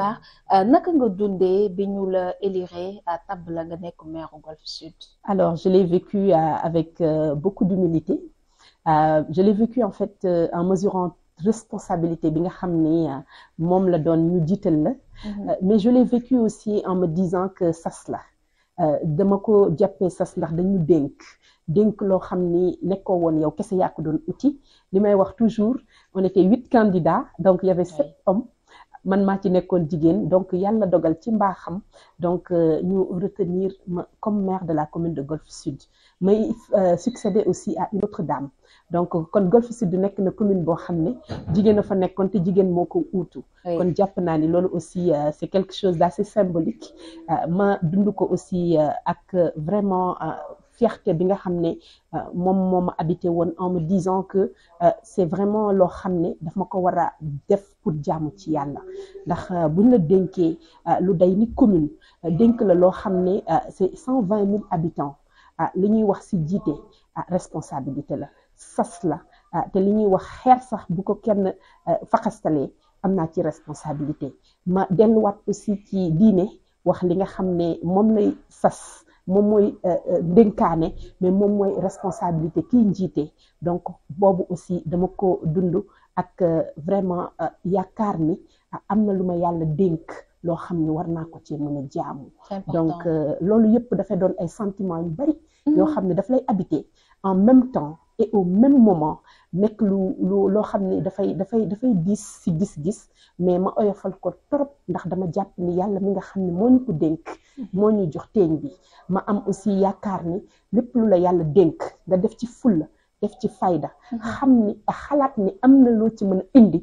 Mar euh, naka nga dundee bi ñu la éliré tab la nga nekk maire Golf Sud. alors je l'ai vécu euh, avec euh, beaucoup d'humilité je l'ai vécu en fait en mesurant responsabilité bi nga xam ni moom la doon ñu jiital la. Mhm. mais je l'ai vécu aussi en me disant que sas la dama ko jàppee sas ndax dañu dénk. dénk loo xam ni nekkoo woon yow kese yaa ko doon uti li may wax toujours on était huit candidats donc il y avait sept hommes. man maa ci nekkoon jigéen donc yàlla dogal ci mbaaxam donc euh, ñu retenir ma comme maire de la commune de Golf Sud mais euh, succéder aussi à une autre dame donc kon Golf Sud nekk na commune boo xam ne jigéen a fa nekkoon te jigéen moo ko uutu kon jàpp naa ni loolu aussi euh, c'est quelque chose d'assez symbolique ma dund ko aussi ak vraiment fierté bi nga xam ne euh, moom moo ma habité woon en me disant que euh, c'est vraiment loo xam ne daf ma ko war a def pour jaamu ci yàlla ndax euh, buñ la dénkee lu day ni commune dénk la loo xam ne c'est cent vingt mille habitants li ñuy wax si jiite responsabilité la sas la te li ñuy wax xeer sax bu ko kenn faxastalee am naa ci responsabilité ma delluwaat aussi ci diine wax li nga xam ne moom lay sas moom mooy euh, euh, dénkaane mais moom mooy responsabilité kii njiite donc boobu aussi dama ko dund ak euh, vraiment yaakaar ni ah, am na lu ma yàlla dénk loo xam ni war naa ko ci mën a jaamu donc loolu yëpp dafay doon ay sentiments yu bari mm-hmm. yoo xam ne daf lay en même temps et au même moment nekk lu lu loo xam ne dafay dafay dafay diis si gis-gis mais ma oyofal ko trop ndax dama jàpp ni yàlla mi nga xam ne moo ñu ko dénk moo ñuy jox teeñ bi ma am aussi yaakaar ni lépp lu la yàlla dénk nga def ci fulla def ci fayda mm-hmm. xam ni xalaat ni am na loo ci mën a indi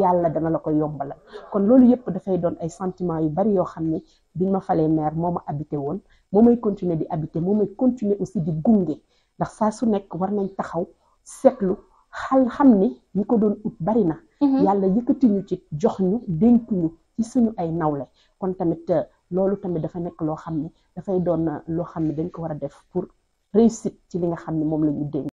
yàlla dana la ko yombalal kon loolu yëpp dafay doon ay sentiments yu bari yoo xam ne biñ ma falee neer moo ma habité woon moo may continuer di habité moo may continuer aussi di gunge ndax saa su nekk war nañ taxaw seetlu xal xam ni ñu ko doon ut bari na mm-hmm. yàlla yëkkati ñu ci jox ñu dénk ñu ci suñu ay nawle kon tamit loolu tamit dafa nekk loo xam ne dafay doon loo xam ne dañ ko war a def pour réussite ci li nga xam ne moom la ñu dénk